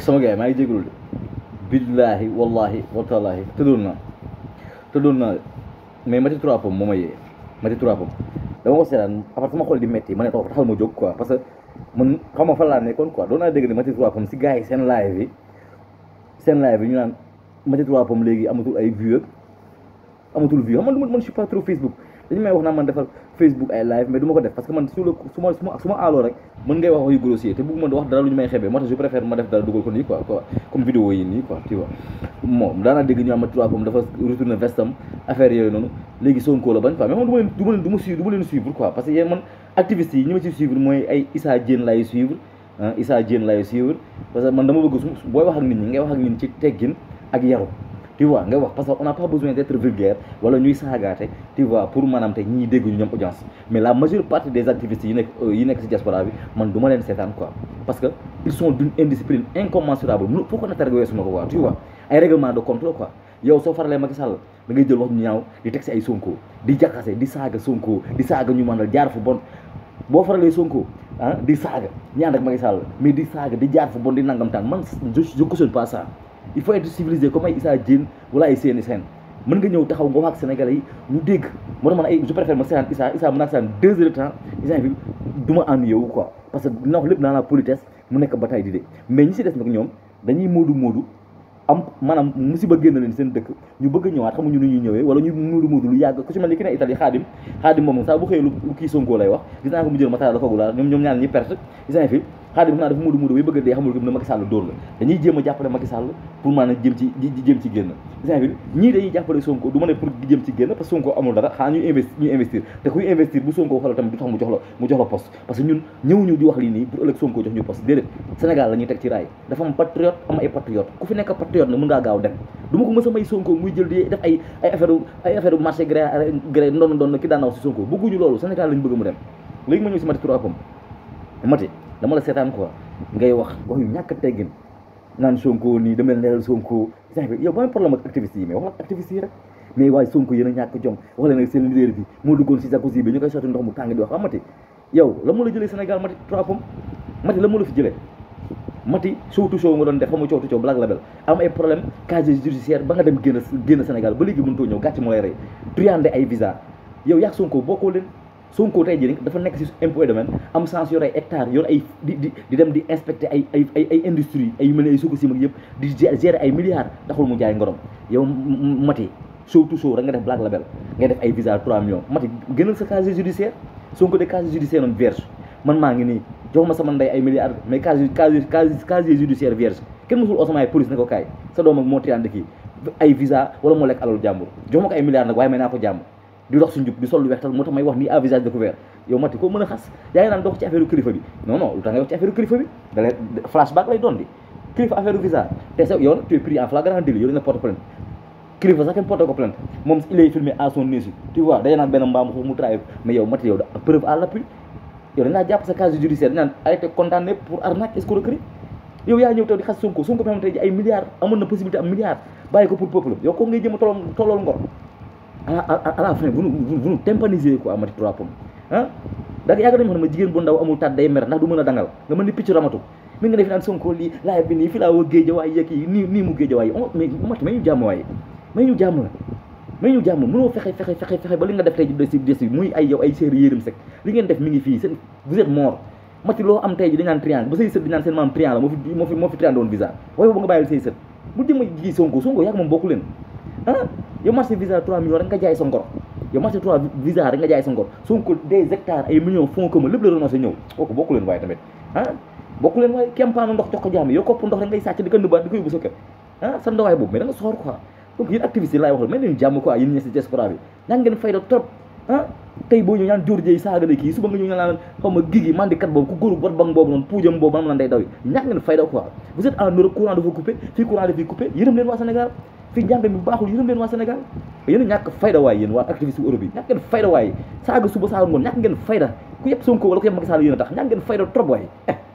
sama gars yi maa ngi jégalu de billaahi wallaahi wataalaahi tëddoon naa tëddoon naa mais Mathieu Trois Pommes ma yee Mathieu Trois Pommes dama ko seetaan après sama xol di metti ma ne oh taxal ma jóg quoi parce que man xam ma fan laa nekkoon quoi doon naa dégg ne Mathieu Trois Pommes si gars yi seen live yi seen live yi ñu naan Mathieu Trois Pommes léegi amatul ay vues amatul vue Facebook li may wax naa man defal Facebook ay live mais du ma ko def parce que man su la su ma su rek mën ngay ñu may xebee moo tax ma def dara dugal ko nii quoi quoi comme vidéo yi nii quoi tu vois moom daanaa dégg ñu ama trois comme dafa retourné vestam affaire yooyu wax ak nit ñi ngay wax ak nit ñi ci teggin ak yaru tu vois nga wax parce que on n'a pas besoin d'être vulgaire wala ñuy sagaté tu vois pour manam té ñi dégg ñu audience mais la majeure partie des activistes yi nek euh, yi nek ci diaspora bi man duma len sétane quoi parce que ils sont d'une indiscipline incommensurable pour ko na targa weesu na ko quoi tu vois ay règlement de contrôle quoi yow so faralé Macky Sall da ngay jël wax ñu ñaaw di teg ay Sonko di jaxase di saga Sonko di saga ñu manal jaar fu bon bo faralé Sonko ah di saga ñaan ak Macky Sall mais di saga di jaar fu bon di nangam tan man je je cautionne pas ça il faut être civilisé comme ay Issa Diène wala ay seeni seen mën nga ñëw taxaw nga wax ak sénégalais yi ñu dégg moo tax man ay je préfère ma seetaan Issa Issa mën naa seetaan deux heures de temps Issa fi du ma ennuyé wu quoi parce que dina wax lépp naa la politesse mu nekk ba di de mais ñi si des nag ñoom dañuy moodu moodu am maanaam musiba génn leen seen dëkk ñu bëgg ñëwaat xamuñu nu ñuy ñëwee wala ñu nuuru muudu lu yàgg ku ci mel ni ki ne Italie xaadim xaadim moom saa bu xëyee lu kii Sonko lay wax gis naa ko mu jël matala ko ne Macky Sall dóor la dañuy mu jox mu jox la poste parce que ñun ñëwuñu di wax lii nii pour ëllëg Sonko jox ñu poste déedéet Sénégal la teg ci raay dafa am patriote am ay patriote ku fi nekk patriote na mën ngaa gaaw dem du ko mës may Sonko muy jël di def ay ay affaire ay affaire bu marché gré gré ki daan na wax si Sonko bëgguñu loolu Sénégal lañ bëgg mu dem léegi ma ñëw si Mati Touré pom Mati dama la seetaan quoi ngay wax wax yu ñàkk teggin naan Sonko nii dama leen leeral Sonko yow ba problème ak activiste yi mais wax la activiste yi rek mais waaye a seen leader bi moo duggoon si jacuzzi bi ñu ndox mu tàng di wax waa ah, Mati yow la moo la jëlee Sénégal Mati Touré pom Mati la moo la fi jëlee mati sowtu sow nga doon def fa mu coowtu coow black label am ay problème casier judiciaire ba nga dem génn génn Sénégal ba léegi mënutoo ñëw gàcc moo lay rey triandé ay visa yow yaa Sonko bokkoo dafa nekk si impôt domaine am sens yor ay hectares yor ay di di dem di inspecter ay ay ay ay industrie ay yu mel ne ay suuka yëpp di gérer ay milliards taxul mu jaay ngorom yow mati show to show rek nga def black label nga def ay visa 3 millions mati gënal sa casier judiciaire Sonko de casier man maa ngi nii jox sama ndey ay milliards mais casier casier casier judiciaire vierge kenn musul oo sama police ne ko kaay sa doom ak moo tiraan kii ay visa wala moo lekk alalu jàmbur jox ko ay milliards nag waaye may naa ko jàmm di dox su njub di sol weex tal moo tax may wax nii à visage découvert yow mati koo mën a xas yaa ngi dox ci affaire kilifa bi non lu tax nga wax ci affaire kilifa bi da lay flashback lay doon di kilifa affaire visa yow dañ laa jàpp sa casier judiciaire naan arrêté condamné pour arnaque escroquerie yow yaa ñëw taw di xas Sonko Sonko bi xamante ne ay milliards amoon na possibilité am milliards bàyyi ko pour peuple yow ko ngay jëm a tolloon tollool ngor à la fin vous nous vous nous tympanisez quoi mati trois pommes ma jigéen bu ndaw amul tat day mer ndax du mën a dangal nga mën ni picc ramatu mi nga def naan Sonko lii laaj bi nii fi laa géej waay yekk yi nii mu géej mais ñu jàmm mënoo fexe fexe fexe fexe ba def tey muy ay yow ay séeri yérim sek li ngeen def mi ngi fii seen vous mati loo am tey dañaan triangle ba say sët dinaan seen maam triangle la moo fi moo fi moo fi visa waaye ba nga bàyyil say ah, sa ngor yow marché 3 visa rek nga jaay sa ngor Sonko des hectares ay millions leen waaye tamit ah bokku ndox jox ko jaam kopp ndox rek ngay sàcc di ko nëbbaat di ko yóbbu sa kër ah sa ndawaay boobu mais da nga soxor donc yéen yi laay waxal may leen jàmm quoi yéen ñi si diaspora bi ñaan ngeen fayda ah. saaga na kii suba nga ñëw ñaan naan xaw ma gigi mandikat boobu ku góoru bat bang boobu noonu puujam boobu man la day daw yi ngeen fayda quoi vous êtes en Europe courant dafa coupé fii courant dafay coupé leen waa Sénégal fii njàng mi baaxul yërëm leen waa Sénégal yéen ñàkk fayda waay yéen waa yi ñàkk ngeen fayda saaga suba saaga ngoon ñàkk ngeen fayda ku yëpp Sonko wala ku yëpp Macky Sall yéen